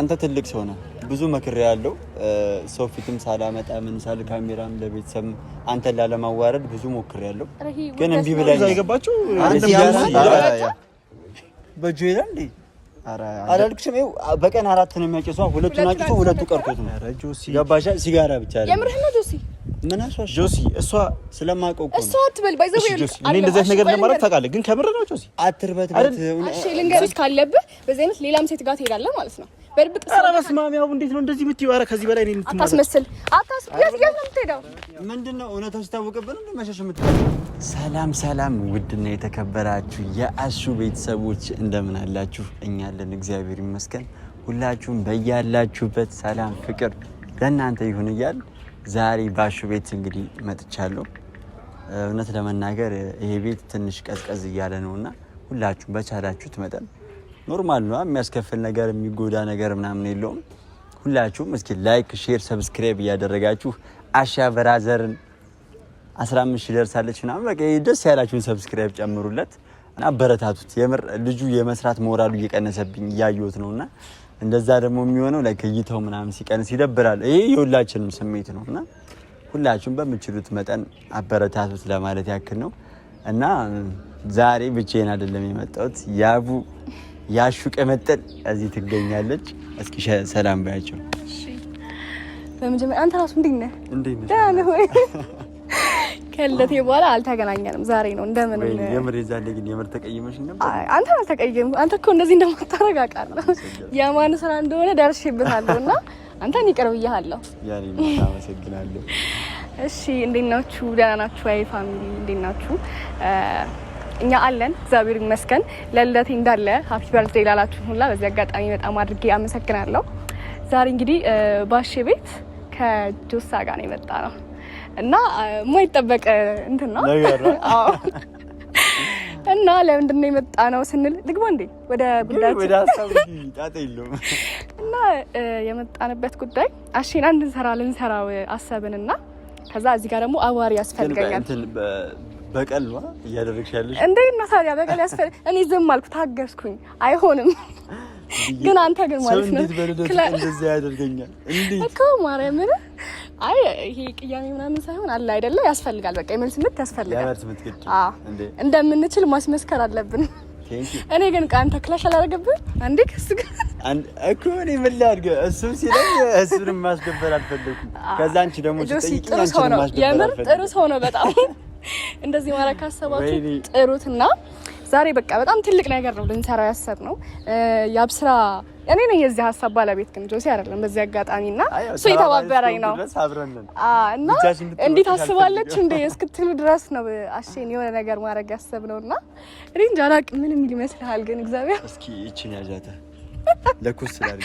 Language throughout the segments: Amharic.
አንተ ትልቅ ሰው ነህ። ብዙ መክሬ ያለው ሰው ፊትም ሳላመጣ ምን ሳል ካሜራም ለቤተሰብ አንተን ላለማዋረድ ብዙ ሞክሬ ያለው ግን እምቢ ብላኝ አይገባችሁ በእጁ ይላል እንዴ አላልኩሽም? ይኸው በቀን አራት ነው የሚያጨሰው። ሁለቱ አጭሶ ሁለቱ ቀርቶት ነው። ገባሽ? ሲጋራ ብቻ አይደለም። የምርህ ነው ጆሲ? ምን አልሽው ጆሲ? እሷ ስለማውቀው እሷ አትበል። ባይዘው እኔ እንደዚህ ነገር ለማለት ታውቃለህ፣ ግን ከምርህ ነው ጆሲ? አትርበት በት። እሺ ልንገርሽ፣ ካለብህ በዚህ አይነት ሌላም ሴት ጋር ትሄዳለህ ማለት ነው ኧረ በስመ አብ ያው እንዴት ነው እንደዚህ የምትይው? ኧረ ከዚህ በላይ አታስመስል፣ ምንድን ነው እውነታው ሲታወቅብን መሸሽ ሰላም ሰላም፣ ውድና የተከበራችሁ የአሹ ቤተሰቦች እንደምን አላችሁ? እኛ አለን እግዚአብሔር ይመስገን። ሁላችሁም በያላችሁበት ሰላም ፍቅር ለእናንተ ይሁን እያል ዛሬ በአሹ ቤት እንግዲህ መጥቻለሁ። እውነት ለመናገር ይሄ ቤት ትንሽ ቀዝቀዝ እያለ ነው እና ሁላችሁም በቻላችሁት መጠን ኖርማል ነው የሚያስከፍል ነገር የሚጎዳ ነገር ምናምን የለውም። ሁላችሁም እስኪ ላይክ፣ ሼር፣ ሰብስክራይብ እያደረጋችሁ አሻ ብራዘርን 15 ሺህ ደርሳለች ምናምን በቃ ደስ ያላችሁን ሰብስክራይብ ጨምሩለት እና አበረታቱት። የምር ልጁ የመስራት ሞራሉ እየቀነሰብኝ እያየሁት ነው እና እንደዛ ደግሞ የሚሆነው ላይ እይታው ምናምን ሲቀንስ ይደብራል። ይሄ የሁላችንም ስሜት ነው እና ሁላችሁም በምችሉት መጠን አበረታቱት ለማለት ያክል ነው እና ዛሬ ብቻዬን አይደለም የመጣሁት ያቡ ያሹ ቀመጠል እዚህ ትገኛለች። እስኪ ሰላም ባያቸው። በመጀመሪያ አንተ ራሱ እንዴት ነህ? እንዴት ነህ? ደህና ነህ ወይ? ከልደቴ በኋላ አልተገናኘንም። ዛሬ ነው እንደምን። የምር የዛለ ግን የምር ተቀይመሽ ነበር። አንተ አልተቀየም። አንተ እኮ እንደዚህ እንደማታረግ አውቃለሁ። የማን ስራ እንደሆነ ደርሼበታለሁ እና አንተን ይቅር ብያለሁ። ያኔ አመሰግናለሁ። እሺ፣ እንዴት ናችሁ? ደህና ናችሁ? አይ ፋሚሊ እንዴት ናችሁ? እኛ አለን እግዚአብሔር ይመስገን። ለልደቴ እንዳለ ሀፒ በርዝዴ ላላችሁ ሁላ በዚህ አጋጣሚ በጣም አድርጌ አመሰግናለሁ። ዛሬ እንግዲህ ባሼ ቤት ከጆሳ ጋር ነው የመጣ ነው እና የማይጠበቅ እንትን ነው እና ለምንድን ነው የመጣ ነው ስንል ልግባ እንዴ ወደ ጉዳይ እና የመጣንበት ጉዳይ አሼን አንድ እንሰራ ልንሰራው አሰብን እና ከዛ እዚህ ጋር ደግሞ አዋሪ ያስፈልገኛል በቀል ነው እያደረግሽ ያለሽ። እንዴት ነው ታዲያ በቀል ያስፈል? እኔ ዝም አልኩ፣ ታገስኩኝ። አይሆንም ግን አንተ ግን ማለት ነው እንዴት በልደት እንደዚህ ያደርገኛል? እንዴ? እኮ ማርያም ምን አይ ይሄ ቅያሜ ምናምን ሳይሆን አለ አይደለ? ያስፈልጋል። በቃ የመልስ ምት ያስፈልጋል። የመልስ ምት ግድ እንደምንችል ማስመስከር አለብን። እኔ ግን አንተ ክላሽ አላደረገብህም አንዴ ከሱ ግን እኮ እኔ ምን ላድርግ? እሱም ሲለኝ እሱንም ማስገበር አልፈለኩም። ከዛ አንቺ ደግሞ ጥሩ ሰው ነው፣ የምር ጥሩ ሰው ነው በጣም እንደዚህ ማድረግ ካሰባችሁ ጥሩትና ዛሬ በቃ በጣም ትልቅ ነገር ነው ልንሰራ ያሰብነው። የአብስራ እኔ ነኝ የዚህ ሀሳብ ባለቤት ግን ጆሲ አይደለም። በዚህ አጋጣሚ እና እሱ የተባበረኝ ነው እና እንዴት አስባለች እንደ እስክትሉ ድረስ ነው አሽን የሆነ ነገር ማድረግ ያሰብነው እና እኔ እንጃ ምን የሚል ይመስልሃል ግን እግዚአብሔር እስኪ ይችን ያዣተ ለኩስ ስላል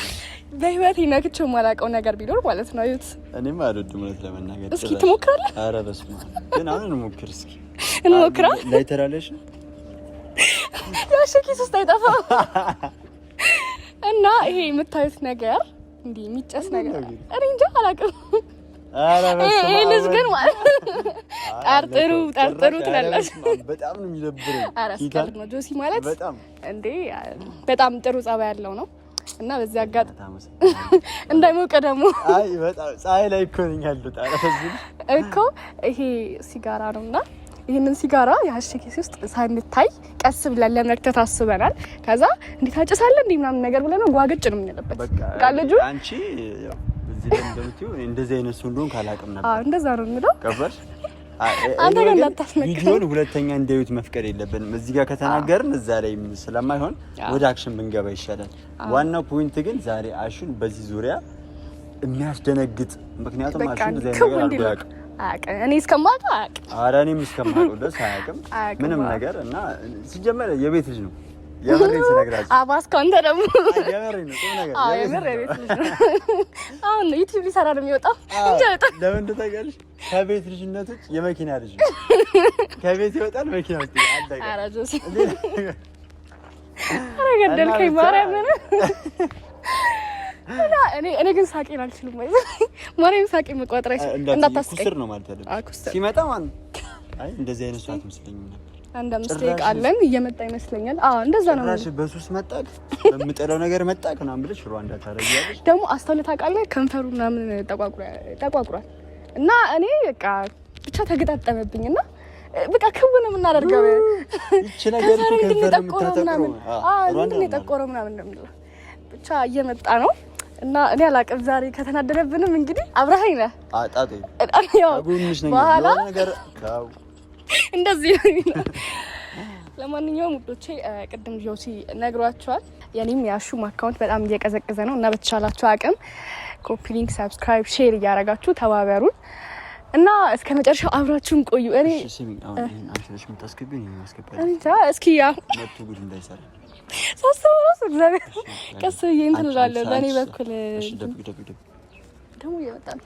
በህይወት ነክቼው የማላውቀው ነገር ቢኖር ማለት ነው እዩት። እኔም አልወድም እውነት ለመናገር እስኪ ትሞክራለህ? ኧረ በስመ አብ ግን አሁን እንሞክር እስኪ እንሞክራ ላይተራለሽ ያሽ ኪስ ውስጥ አይጠፋም። እና ይሄ የምታዩት ነገር እንዲህ የሚጨስ ነገር እኔ እንጃ አላውቅም ይህንስ ግን ጠርጥሩ ጠርጥሩ ትላላችሁ። በጣም ነው የሚደብረኝ። ኧረ ነው። ጆሲ ማለት እንዴ በጣም ጥሩ ጸባይ ያለው ነው እና በዚህ አጋጥ እንዳይሞቀ ደግሞ ፀሐይ ላይ እኮ ነኝ ያሉት እኮ ይሄ ሲጋራ ነው እና ይህንን ሲጋራ የሀሺ ኬስ ውስጥ ሳንታይ ቀስ ብለን ለመክተት አስበናል። ከዛ እንዴት አጭሳለን እንዲህ ምናምን ነገር ብለን ጓግጭ ነው የምንልበት በዚህ ላይ እንደምትይው እንደዚህ አይነት ሰው እንደሆን ካላቅም ነበር። እንደዛ ነው የምለው። ቀበል ቪዲዮን ሁለተኛ እንዲያዩት መፍቀድ የለብንም። እዚህ ጋር ከተናገርን እዛ ላይ ስለማይሆን ወደ አክሽን ብንገባ ይሻላል። ዋናው ፖይንት ግን ዛሬ አሹን በዚህ ዙሪያ የሚያስደነግጥ ምክንያቱም አሹን እዛ ነገር አልደያቅም እኔ እስከማውቀው አያውቅም። ኧረ እኔም እስከማውቀው ድረስ አያውቅም ምንም ነገር እና ሲጀመር የቤት ልጅ ነው አባስኮ አንተ ደግሞ አሁን ዩቲዩብ ሊሰራ ነው የሚወጣው። ለምን ታውቂያለሽ? ከቤት ልጅነት ውጭ የመኪና ልጅ ከቤት ይወጣል መኪና ውስጥ ኧረ ገደልከኝ ማርያምን። እኔ ግን ሳቄን አልችልም። ማርያምን ሳቄን መቋጠር እንዳታስቀኝ። ነው ማለት ያለብሽ ሲመጣ። ማን እንደዚህ አይነት ሰዓት መስለኝ ነበር አንድ አምስት ደቂቃለን እየመጣ ይመስለኛል። አዎ እንደዛ ነው። ራሽ በሱስ መጣክ በምጠለው ነገር መጣክ ምናምን ብለሽ ሩዋንዳ ታረጋለሽ። ደግሞ አስተውለህ ታውቃለህ? ከንፈሩ ምናምን ጠቋቁሯል እና እኔ በቃ ብቻ ተገጣጠመብኝ በቃ ክውን ነው የምናደርገው። እቺ ነገር ከንፈር ምናምን ምናምን የጠቆረው ምናምን እንደምለው ብቻ እየመጣ ነው እና እኔ አላቅም። ዛሬ ከተናደደብንም እንግዲህ አብረሃኝ ነህ። አጣጥ ያው ጉምሽ ነገር በኋላ እንደዚህ ነው። ለማንኛውም ውዶቼ ቅድም ጆሲ ነግሯቸዋል። የኔም የአሹም አካውንት በጣም እየቀዘቀዘ ነው እና በተቻላችሁ አቅም ኮፒ ሊንክ፣ ሰብስክራይብ፣ ሼር እያረጋችሁ ተባበሩን እና እስከ መጨረሻው አብራችሁን ቆዩ። እኔ እስኪ ያው ሳስበው እራሱ እግዚአብሔር ቀስ ብዬ እንትን እላለሁ በእኔ በኩል ደግሞ እየመጣ ነው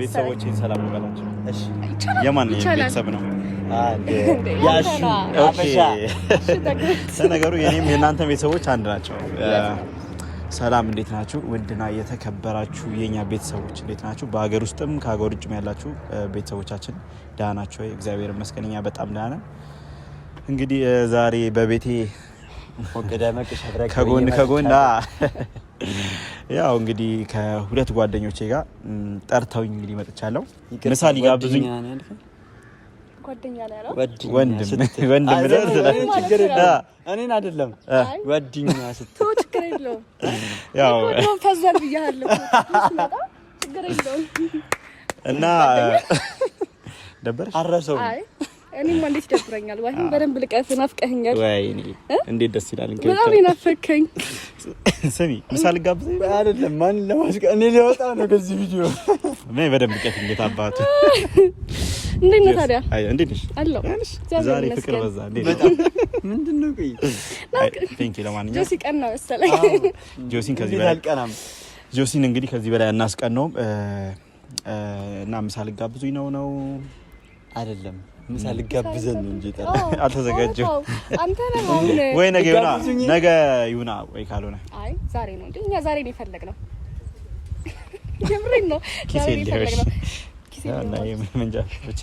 ቤተሰቦችን ሰላም ልበላቸው። የማን ቤተሰብ ነው? ነገሩ የኔም የእናንተ ቤተሰቦች አንድ ናቸው። ሰላም እንዴት ናችሁ? ውድና የተከበራችሁ የኛ ቤተሰቦች እንዴት ናችሁ? በሀገር ውስጥም ከሀገር ውጭም ያላችሁ ቤተሰቦቻችን ደህና ናቸው? እግዚአብሔር ይመስገን እኛ በጣም ደህና ነን። እንግዲህ ዛሬ በቤቴ ከጎን ከጎን ያው እንግዲህ ከሁለት ጓደኞቼ ጋር ጠርተውኝ እንግዲህ መጥቻለሁ። ምሳ ሊጋብዙኝ እኔን አይደለም ጓደኛ እና ደበር አረሰው እኔማ እንዴት በደንብ ናፍቀኸኛል። እንዴት ደስ ይላል። በጣም ናፈከኝ። ስሚ አይደለም ማን እኔ ሊወጣ ነው ከዚህ ቪዲዮ በደንብ እንዴት አባቱ እንዴት ነው ታዲያ? አይ እንዴት ነሽ? አለሁ ዛሬ ፍቅር በዛ። ነው ቆይ ለማንኛውም ጆሲ ቀን ነው መሰለኝ። ጆሲን ከዚህ በላይ አልቀናም። ጆሲን እንግዲህ ከዚህ በላይ ነው እና ነው ነው አይደለም ምሳ ልጋብዘን ነው እንጂ አልተዘጋጀው። አንተ ነው ወይ ነገ ይሁና፣ ነገ ይሁና ወይ ካልሆነ አይ ዛሬ ነው እንጂ እኛ ዛሬ ነው የፈለግነው። የምሬን ነው ዛሬ ነው ኪሴ ነው ምን እንጃ ብቻ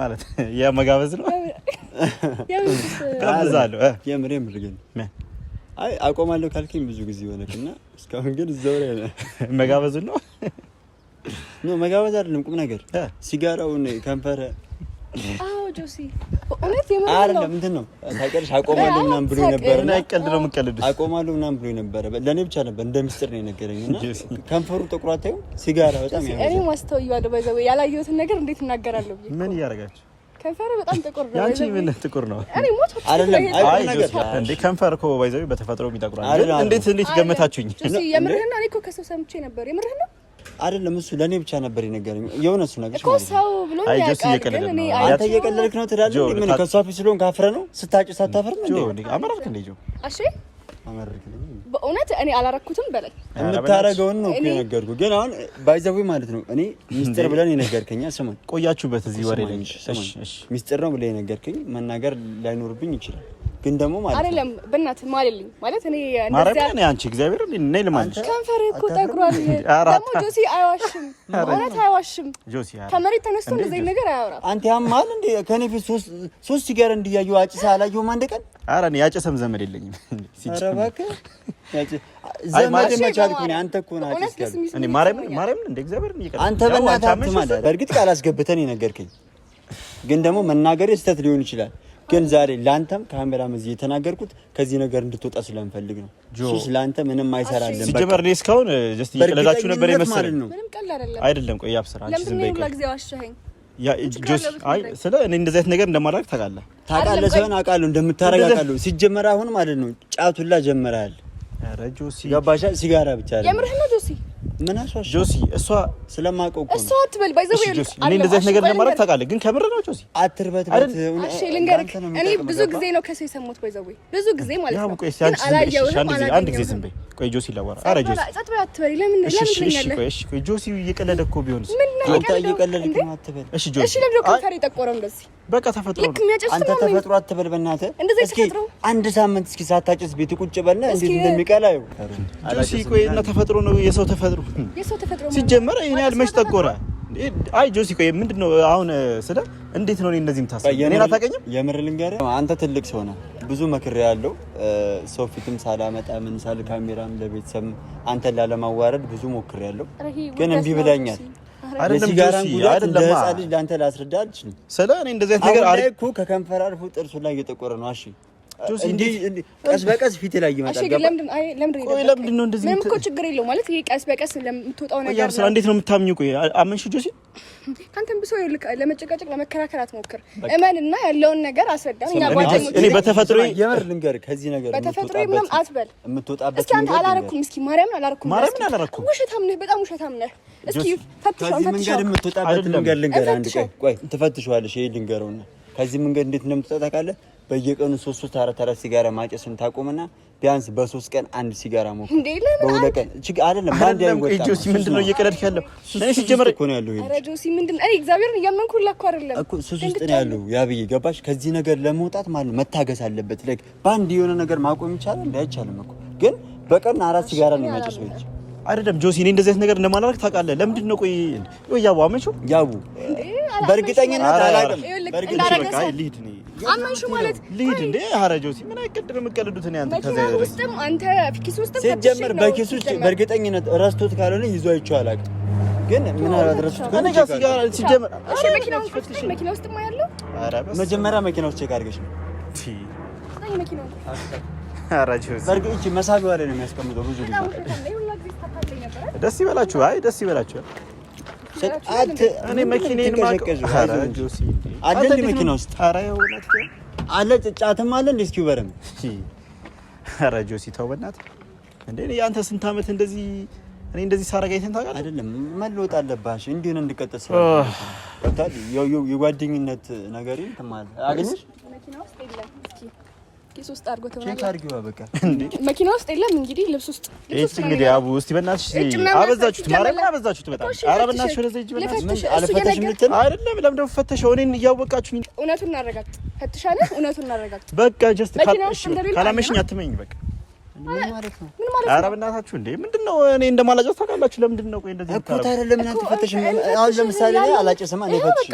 ማለት የመጋበዝ ነው። ጋብዛለሁ የምር የምር ግን አይ አቆማለሁ ካልከኝ ብዙ ጊዜ ሆነክና እስካሁን ግን እዛው ላይ መጋበዝ ነው። ኖ መጋበዝ አይደለም ቁም ነገር ሲጋራውን ከንፈረ ጆሲ እውነት አይደለም። ምናምን ብሎ ነበር አቆማለሁ ምናምን ብሎ ነበር፣ ለእኔ ብቻ ነበር እንደ ምስጢር ነው የነገረኝ። ከንፈሩ ጥቁር ሲጋራ በጣም እኔ ማስተውየዋለሁ። ባይ ዘ ወይ ያላየሁትን ነገር እንዴት እናገራለሁ ብዬ ምን እያደረጋችሁ ከንፈር በጣም ጥቁር ነው። ያንቺ ምን ጥቁር ነው? ከንፈር እኮ ባይዘው በተፈጥሮ የሚጠቁራል። እንዴት እንዴት ገመታችሁኝ? የምርህና እኔ እኮ ከሰው ሰምቼ ነበር። የምርህ ነው አይደለም እሱ ለእኔ ብቻ ነበር የነገረኝ። የሆነ እሱ ነገር እኮ ሰው ብሎ አንተ እየቀለድክ ነው ትላለህ። ምን ከእሷ ፊት ስለሆንክ አፍረህ ነው ስታጭ ሳታፈርም እንዴ? አመራርክ እንዴ? እሺ በእውነት እኔ አላረኩትም በላይ የምታረገውን ነው የነገርኩ። ግን አሁን ባይዘዊ ማለት ነው እኔ ሚስጥር ብለን የነገርከኛ ስማኝ፣ ቆያችሁበት እዚህ ወሬ ላይ ሚስጥር ነው ብለ የነገርከኝ መናገር ላይኖርብኝ ይችላል ግን ደግሞ ማለት አይደለም በእናትህ ማለልኝ ማለት እኔ እንደዛ ነው። አንቺ እግዚአብሔር እኔ ልማልሽ ከንፈር እኮ ጠግሯል። ደግሞ ጆሲ አይዋሽም፣ እውነት አይዋሽም። ጆሲ ከመሬት ተነስቶ እንደዚህ ነገር አያወራም። አንተ ያማል እንዴ? ከኔ ፊት ሶስት ሶስት ሲጋራ እንዲያዩ አጭሳ አላየሁም አንድ ቀን። ኧረ እኔ ያጨሰም ዘመድ የለኝም። ኧረ እባክህ ዘመድ መቻልኩ ነኝ። አንተ እኮ ነህ አጭስ እኔ ማርያም ማርያም እንደ እግዚአብሔር ነው አንተ በእናትህ አትማል። በእርግጥ ቃል አስገብተን የነገርከኝ ግን ደግሞ መናገሬ ስህተት ሊሆን ይችላል ግን ዛሬ ለአንተም ካሜራ እዚህ የተናገርኩት ከዚህ ነገር እንድትወጣ ስለምፈልግ ነው። ሱስ ለአንተ ምንም አይሰራልን። ሲጀመር እኔ እስካሁን ጀስት እየቀለዳችሁ ነበር የመሰለኝ። ምንም ቀልድ አይደለም አይደለም። ቆይ ያብስራ አንቺ ዝም በይ። አይ ስለ እኔ እንደዚህ አይነት ነገር እንደማላደርግ ታውቃለህ ታውቃለህ ሳይሆን አውቃለሁ እንደምታረግ አውቃለሁ። ሲጀመር አሁን ማለት ነው ጫቱላ ጀመራል። ኧረ ጆሲ ገባሻ? ሲጋራ ብቻ አይደለም ጆሲ እሷ ስለማውቀው እሷ አትበል እንደዚህ ነገር ለማድረግ ታውቃለህ፣ ግን ከምር ነው ጆሲ እኔ ብዙ ጊዜ ነው ከሰው የሰማሁት፣ ብዙ ጊዜ ማለት ነው። አንድ ጊዜ ዝም በይ ቆይ ጆሲ ላወራ። ኧረ ጆሲ ጸጥ በል አትበል። ለምን ለምን ትለኛለህ? እሺ ቆይ ጆሲ እየቀለደ እኮ ቢሆንስ? አንተ እየቀለድክ ነው አትበል። እሺ ጆሲ እሺ፣ ለምን ከንፈር የጠቆረው እንደዚህ? በቃ ተፈጥሮ ነው አንተ ተፈጥሮ አትበል። በእናትህ እንደዚህ እስኪ አንድ ሳምንት እስኪ ሳታጭስ ቤት ቁጭ በልና እንዴት እንደሚቀላ ይኸው። ጆሲ ቆይ እና ተፈጥሮ ነው የሰው ተፈጥሮ የሰው ተፈጥሮ ሲጀመር ይሄን ያህል መች ጠቆረ? አይ ጆሲ ቆይ ምንድን ነው አሁን ስለ እንዴት ነው እንደዚህ የምታስበው? እኔን አታውቀኝም። የምር ልንገርህ አንተ ትልቅ ሰው ነህ። ብዙ መክር ያለው ሰው ፊትም ሳላመጣ ምን ሳል ካሜራም ለቤተሰብ አንተን ላለማዋረድ ብዙ ሞክር ያለው ግን እምቢ ብለኛል። አይደለም ጆሲ፣ አይደለም ሕፃን ልጅ ለአንተ ላስረዳ ስለ እኔ እንደዚህ ነገር አሁን ላይ እኮ ከከንፈር አልፎ ጥርሱ ላይ እየጠቆረ ነው። እሺ ቀስ በቀስ ፊት ላይ ይመጣል። ችግር የለው ማለት ይሄ ቀስ በቀስ ለምትወጣው ነገር ስራ እንዴት ነው የምታምኙ? ቆይ አመንሽ ጆሲ፣ ከአንተም ብሶ ለመጨቃጨቅ ለመከራከር አትሞክር። እመን እና ያለውን ነገር አስረዳም። በተፈጥሮ የምር ልንገርህ፣ ከዚህ ነገር በተፈጥሮ ምንም አትበል። የምትወጣበት እስኪ አንተ አላረኩም። እስኪ ማርያምን አላረኩም፣ ማርያምን አላረኩም። ውሸታም ነህ፣ በጣም ውሸታም ነህ። መንገድ የምትወጣበት አንድ ቆይ ይሄ ልንገረውና ከዚህ መንገድ እንዴት እንደምትወጣ ታውቃለህ በየቀኑ ሶስት ሶስት አራት አራት ሲጋራ ማጨስን ታቆምና ቢያንስ በሶስት ቀን አንድ ሲጋራ ሞክ አይደለም። ያለው? እኔ ሲጀመር እኮ ነው ያለው። አይ አይደለም እኮ ነው ያለው። ገባሽ? ከዚህ ነገር ለመውጣት ማለት መታገስ አለበት። ላይክ በአንድ የሆነ ነገር ማቆም ይቻላል አይቻልም እኮ ግን በቀን አራት ሲጋራ ነው ማጨስ ልጅ አይደለም ጆሲ፣ እኔ እንደዚህ አይነት ነገር እንደማላደርግ ታውቃለህ። ለምንድን ነው ቆይ ያቡ አመቹ ያቡ በእርግጠኝነት አላውቅም። በእርግጠኝነት ልሂድ እኔ አመንሽ ማለት ልሂድ እንዴ? ሀረጆሲ ምን አይቀድም ከዛ ውስጥም አንተ ኪስ ውስጥም በኪስ ውስጥ በእርግጠኝነት ረስቶት ካልሆነ ይዞ ግን ምን ጋር ሲጋራ እሺ፣ መጀመሪያ ቼክ አድርገሽ ነው ቲ መኪናው ላይ ነው የሚያስቀምጠው ብዙ ደስ ይበላችሁ። አይ ደስ ይበላችሁ። መኪና ውስጥ አለ ጫትም አለ እንደ እስኪ ኧረ ጆሲ ተው በእናትህ እንደ የአንተ ስንት ዓመት እንደዚህ እኔ እንደዚህ ሳረጋ አይተን ታውቃለህ? አይደለም መለወጥ አለባሽ። እንዲህ እንድቀጥል ስለ የጓደኝነት ነገር ይተማል አገኘሽ ሶስት መኪና ውስጥ የለም። እንግዲህ ልብስ ውስጥ እቺ እንግዲህ አቡ እስቲ በእናትሽ አበዛችሁት፣ ማርያምን አበዛችሁት በጣም። ኧረ በእናትሽ ወደዛ እጅ በእናትሽ አልፈተሽም ልትል አይደለም። ለምን ደግሞ ፈተሸው? እኔን እያወቃችሁኝ እውነቱን እናረጋግጥ። ፈትሻለህ? እውነቱን እናረጋግጥ። በቃ ጀስት ካላመሽኝ አትመኝ በቃ ኧረ በእናታችሁ እንዴ ምንድን ነው? እኔ እንደማላጨስ ታውቃላችሁ። ለምንድን ነው እንደዚህ እኮ ታዲያ ለምን አትፈተሽም? አሁን ለምሳሌ አላጨስም እኔ ፈትሽ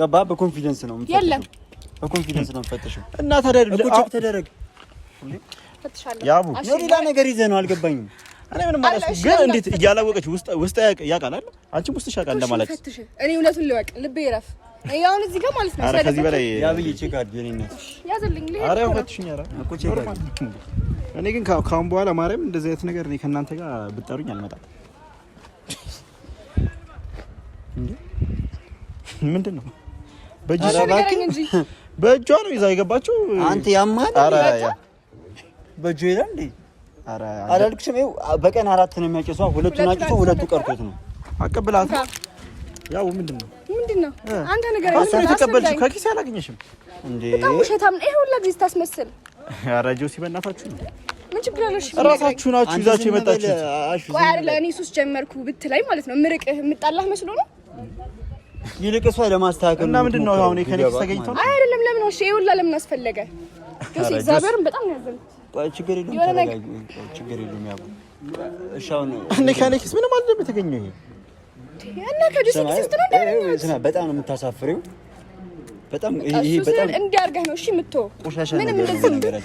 ገባ በኮንፊደንስ ነው የለም በኮንፊደንስ ነው የምፈተሽው። እና ተደረግ ያቡ ሌላ ነገር ይዘህ ነው አልገባኝም። እኔ ምንም አላልኩም፣ ግን እንዴት እያላወቀች ውስጥ ያውቃል አለ አንቺም ውስጥ ያውቃል ለማለት እኔ እውነቱን ልወቅ፣ ልቤ ይረፍ። አሁን እዚህ ጋር ማለት ነው ከዚህ በላይ ያብዬ ቼካድ ጀኔነት ያዘልኝ ኧረ ፈትሽኝ ኧረ እኮ ቼካድ። እኔ ግን ካሁን በኋላ ማርያም እንደዚህ አይነት ነገር እኔ ከእናንተ ጋር ብጠሩኝ አልመጣም። ምንድን ነው በእጅሽ በእጇ ነው ይዛ የገባችው። አንተ ያማል በእጇ ይላል እንዴ? አላልኩሽም? በቀን አራት ነው የሚያጨሷ። ሁለቱ አጭሶ ሁለቱ ቀርቶት ነው አቀብላት። ያው ምንድን ነው ምንድን ነው አንተ ነገር አይደለም። የተቀበልሽው ከኪስ አላገኘሽም እንዴ? በጣም ውሸታም ነው ይሄ ሁላ ጊዜ ስታስመስል። ኧረ ጆሲ በእናታችሁ ነው ምን ችግር አለሽ? እራሳችሁ ናችሁ ይዛችሁ የመጣችሁት። ቆይ አይደለ እኔ ሱስ ጀመርኩ ብትላይ ማለት ነው ምርቅህ የምጣላህ መስሎ ነው ይልቅ እሷ ለማስተካከል እና ምንድን ነው አሁን ከኔክስ ተገኝቶ አይ አይደለም። ለምን ነው እሺ? ይውላ ለምን አስፈለገ? ጆሲ እግዚአብሔርን በጣም ነው ያዘንኩት። ችግር የለም ችግር የለም። ያው እሺ፣ አሁን እኔ ከኔክስ ምንም አይደለም የተገኘው ይሄ እና ከጆሲ ክስ ነው ደረኛ በጣም ነው የምታሳፍሪው። በጣም ይሄ በጣም እንዲያርገህ ነው እሺ የምትሆን ቆሻሻ ምንም እንደዚህ ነው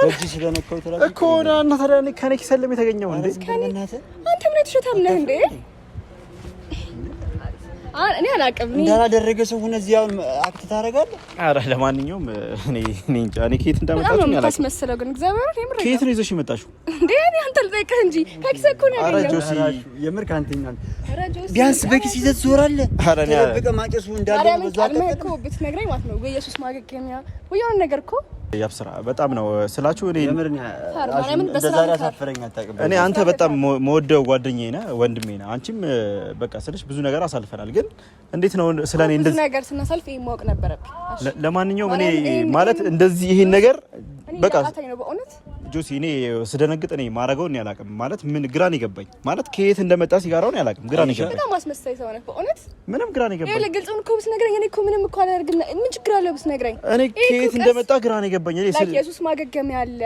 በእጅ ስለነካው ተላልኩ እኮ እና ታዲያ ከኔክስ አይደለም የተገኘው እንዴ? አንተ ምን ትሸታም ነህ እንዴ? እኔ አላውቅም። እንዳላደረገ ሰው ሆነ እዚህ አሁን አክት ታደርጋለህ። ኧረ ለማንኛውም እኔ እኔ እንጃ እኔ ከየት እንዳመጣችሁ ነው የምታስመስለው። ግን እግዚአብሔር የምር ከየት ነው ይዘሽ የመጣሽው እንዴ? እኔ አንተ ልጠይቅህ እንጂ ከኪስህ እኮ ነው ያገኘው። የምር ከአንተኛ ቢያንስ በኪስ ይዘህ ትዞራለህ። ኧረ እኔ ተደብቀህ ማጨሱ እንዳለ ነው። በዛ ተቀበል ብትነግረኝ ማለት ነው ወይ ኢየሱስ ማገገሚያ ወይ የሆነ ነገር እኮ ያብ በጣም ነው ስላችሁ። እኔ አንተ በጣም መወደው ጓደኛዬ ነህ፣ ወንድሜ ነህ። አንቺም በቃ ስልሽ ብዙ ነገር አሳልፈናል። ግን እንዴት ነው ስለ እኔ እንደዚህ ነገር ስናሳልፍ ይሄን ማወቅ ነበረብኝ። ለማንኛውም እኔ ማለት እንደዚህ ይሄን ነገር በቃ ነው በእውነት ጆሲ፣ እኔ ስደነግጥ እኔ ማድረገው እኔ አላውቅም ማለት ምን ግራን ይገባኝ ማለት ከየት እንደመጣ ሲጋራውን አላውቅም ግራን የገባኝ በጣም አስመሳይ ሰው ነህ በእውነት ምንም ግራን ይገባኝ። ያለ ግልጽ ነው። ኮብስ ነግረኝ እኔ እኮ ምንም እኮ አላደርግም። ምን ችግር አለው ብስ ነግረኝ እኔ ከየት እንደመጣ ግራን ይገባኝ። እኔ ስለ ኢየሱስ ማገገም ያለ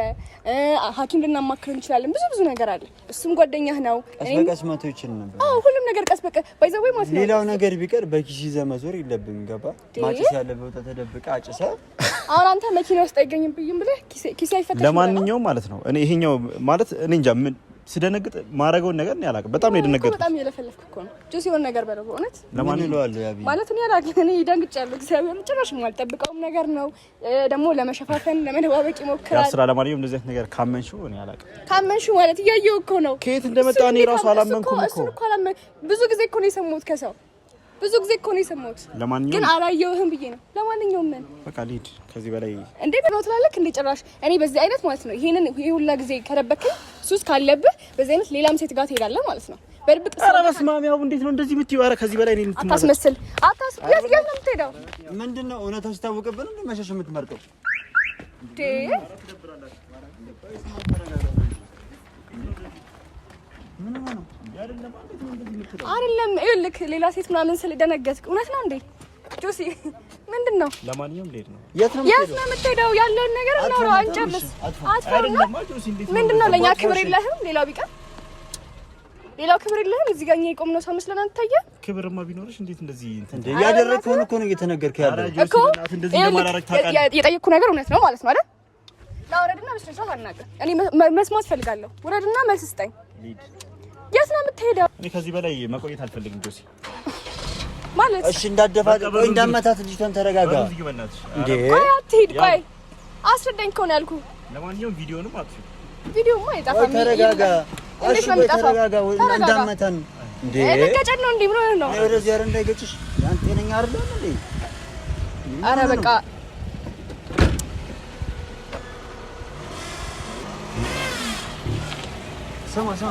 ሐኪም ልናማክር እንችላለን። ብዙ ብዙ ነገር አለ። እሱም ጓደኛህ ነው። ቀስ በቀስ መቶ ይችል ነበር። አዎ ሁሉም ነገር ቀስ በቀስ ወይ ማለት ነው። ሌላው ነገር ቢቀር በኪስ ይዘህ መዞር የለብህም ገባ ማጭስ ያለበት ቦታ ተደብቀህ አጭሰህ አሁን አንተ መኪና ውስጥ አይገኝም ብዬም ብለህ ኪሴ አይፈተሽም። ለማንኛውም ማለት ነው እኔ ይሄኛው ማለት እኔ እንጃ ምን ስደነግጥ ማረገውን ነገር ነው ያላቀ በጣም ነው የደነገጥኩት። በጣም እየለፈለፍክ እኮ ነው ጆስ፣ የሆነ ነገር በለው በእውነት። ለማንኛውም ይለዋል ያቢ ማለት ነው ያላቀ እኔ ደንግጫለሁ። እግዚአብሔር ጭራሽ አልጠብቀውም ነገር ነው ደግሞ ለመሸፋፈን ለመደባበቅ ይሞክራል ስራ። ለማንኛውም እንደዚህ አይነት ነገር ካመንሽው እኔ ያላቀ ካመንሽው ማለት እያየሁ እኮ ነው ከየት እንደመጣ እኔ ራሱ አላመንኩም እኮ ብዙ ጊዜ እኮ ነው የሰማሁት ከሰው ብዙ ጊዜ እኮ ነው የሰማሁት፣ ግን አላየሁህም ብዬ ነው። ለማንኛውም ምን በቃ ልሂድ። ከዚህ በላይ እንዴ ነው ትላለህ እንደ ጭራሽ እኔ በዚህ አይነት ማለት ነው ይሄንን ይሄ ሁላ ጊዜ ከረበክን ሱስ ካለብህ በዚህ አይነት ሌላም ሴት ጋር ትሄዳለህ ማለት ነው በድብቅ። ኧረ በስመ አብ! ያው እንዴት ነው እንደዚህ የምትይው? ኧረ ከዚህ በላይ እኔን አታስመስል። አታስ የት የት ነው የምትሄደው? ምንድን ነው እውነታው ሲታወቅብን እንደ መሸሽ የምትመርጠው? አይደለም ይኸውልህ፣ ሌላ ሴት ምናምን ስለደነገጥክ እውነት ነው እንዴ? ጆሲ ምንድን ነው? ለማንኛውም ልሄድ ነው። የት ነው የምትሄደው? ያለውን ነገር እናውራው፣ አንጨርስ። አትፈራ። ምንድን ነው ለእኛ ክብር የለህም? ሌላው ቢቀር ሌላው ክብር የለህም። እዚህ ጋር እኛ የቆምነው ሰው መስለን አንታየ። ክብርማ ቢኖርሽ እንዴት እንደዚህ እንዴ ያደረግከውን እኮ ነው እየተነገርክ ያለው እኮ። የጠየቅኩ ነገር እውነት ነው ማለት ነው አይደል? ላውረድና ሰው አናውቅም። እኔ መስማት ፈልጋለሁ። ውረድና መልስ ስጠኝ። የት ነው የምትሄደው? እኔ ከዚህ በላይ መቆየት አልፈልግም ጆሲ ማለት እሺ፣ እንዳደፋ ወይ እንዳመታት ልጅቷን ተረጋጋ። እንዴ ቆይ አትሂድ፣ ቆይ አስረዳኝ ከሆነ ያልኩህ። ለማንኛውም ቪዲዮንም አጥፊ። ቪዲዮማ አይጠፋም። ተረጋጋ፣ እሺ ተረጋጋ። ወይ እንዳመታን እንዴ ገጨት ነው እንዴ? ምን ሆነህ ነው? ወደዚህ ኧረ እንዳይገጭሽ። ያን ጤነኛ አይደለም እንዴ? ኧረ በቃ ስማ ስማ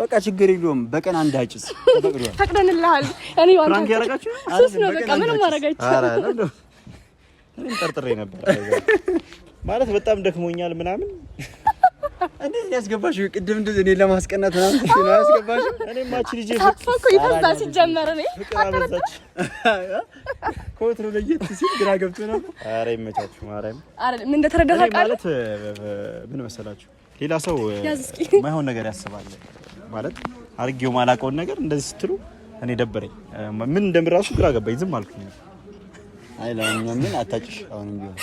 በቃ ችግር የለውም። በቀን አንድ አጭስ ተፈቅዷል፣ ፈቅደንልሃል። እኔ ፍራንክ ያረጋችሁ ሱስ ነው። በቃ ምንም ማረግ አይቻልም። እኔም ጠርጥሬ ነበር ማለት በጣም ደክሞኛል ምናምን እንዴት ያስገባሽ? ቅድም እንደዚህ እኔ ለማስቀናት ነው ያስገባሽ? እኔ ማች ልጅ እኮ ይፈዛል ሲጀመር እኔ አበዛች ኮትሮ ለየት ሲል ግራ ገብቶ ነበር። አረ ይመቻችሁ። ማርያም አይደል ምን እንደተረዳህ ማለት ምን መሰላችሁ፣ ሌላ ሰው ማይሆን ነገር ያስባል ማለት አድርጌው ማላቀውን ነገር እንደዚህ ስትሉ እኔ ደበረኝ። ምን እንደምራሱ ግራ ገባኝ። ዝም አልኩኝ። አይ ለምን ምን አታጭሽ? አሁንም ቢሆን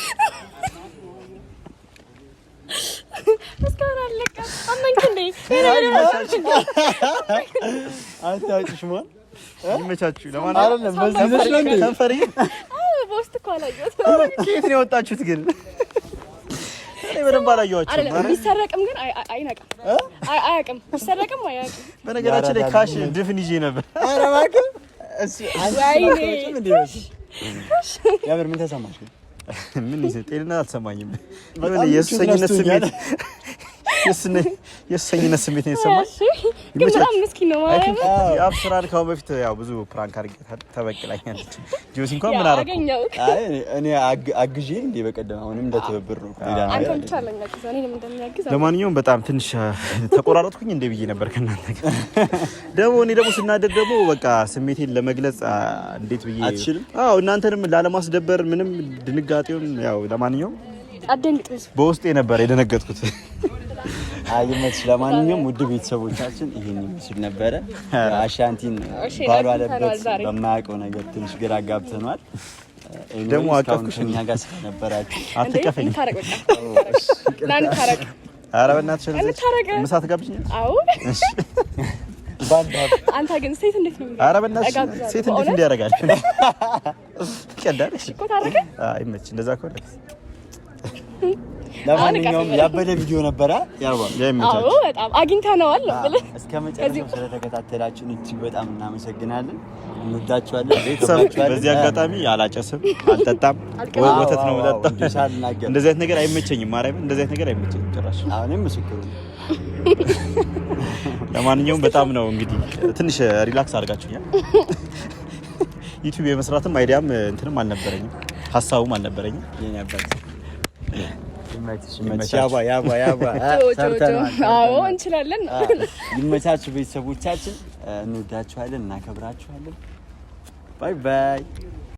አታጭሽ ማን ይመቻችሁ። ለማንኛውም ከንፈር በውስጥ እኮ አላየሁትም። ከየት ነው የወጣችሁት ግን? ምንም ባላየኋቸው ቢሰረቅም ግን አይነቅም አያውቅም። ቢሰረቅም አያውቅም። በነገራችን ላይ ካሽ ድፍን ይዤ ነበር። ኧረ እባክህ ያብር ምን ተሰማሽ? ምን ጤንነት አልሰማኝም። የሱሰኝነት ስሜት ነው የተሰማኝ ግን በጣም ስራን ከአሁን በፊት ያው ብዙ ፕራንክ አድርጌ ተበቅላኛለች። ጆሲ እንኳን ምን አደረኩ? እኔ አግዤ እንደ በቀደም አሁንም እንደ ትብብር ነው። ለማንኛውም በጣም ትንሽ ተቆራረጥኩኝ እንደ ብዬ ነበር ከእናንተ ጋር ደግሞ እኔ ደግሞ ስናደድ ደግሞ በቃ ስሜቴን ለመግለጽ እንዴት ብዬ አትችልም። እናንተንም ላለማስደበር ምንም ድንጋጤውን ያው ለማንኛውም በውስጤ ነበር የደነገጥኩት። አይመች ለማንኛውም ውድ ቤተሰቦቻችን ይህን ምስል ነበረ። አሻንቲን ባሉ አለበት በማያውቀው ነገር ትንሽ ግራ ጋብተኗል። ደግሞ አቀፍኩሽ እኛ ጋር ስለነበራችሁ አትቀፍኝ። ኧረ በእናትሽ ምሳ ትጋብዥኛለሽ? አንተ ግን ሴት እንዴት ነው? ኧረ በእናትሽ ሴት እንዴት እንዲያደርጋል? ቀዳለሽ እኮ ታረቀ። አይመች እንደዛ ከሆነ ለማንኛውም ያበደ ቪዲዮ ነበረ። በጣም አግኝተነዋል። እስከ መጨረሻው እጅግ በጣም እናመሰግናለን፣ እንወዳችኋለን። በዚህ አጋጣሚ አላጨስም፣ አልጠጣም፣ ወተት ነው የምጠጣው። እንደዚህ አይነት ነገር አይመቸኝም፣ ማርያምን እንደዚህ አይነት ነገር አይመቸኝም ጭራሽ። ምስክሩ። ለማንኛውም በጣም ነው እንግዲህ ትንሽ ሪላክስ አድርጋችሁኛል። ዩቲዩብ የመስራትም አይዲያም እንትንም አልነበረኝም፣ ሀሳቡም አልነበረኝም። እንችላለን። ይመቻችሁ ቤተሰቦቻችን፣ እንወዳችኋለን፣ እናከብራችኋለን። ባይ ባይ።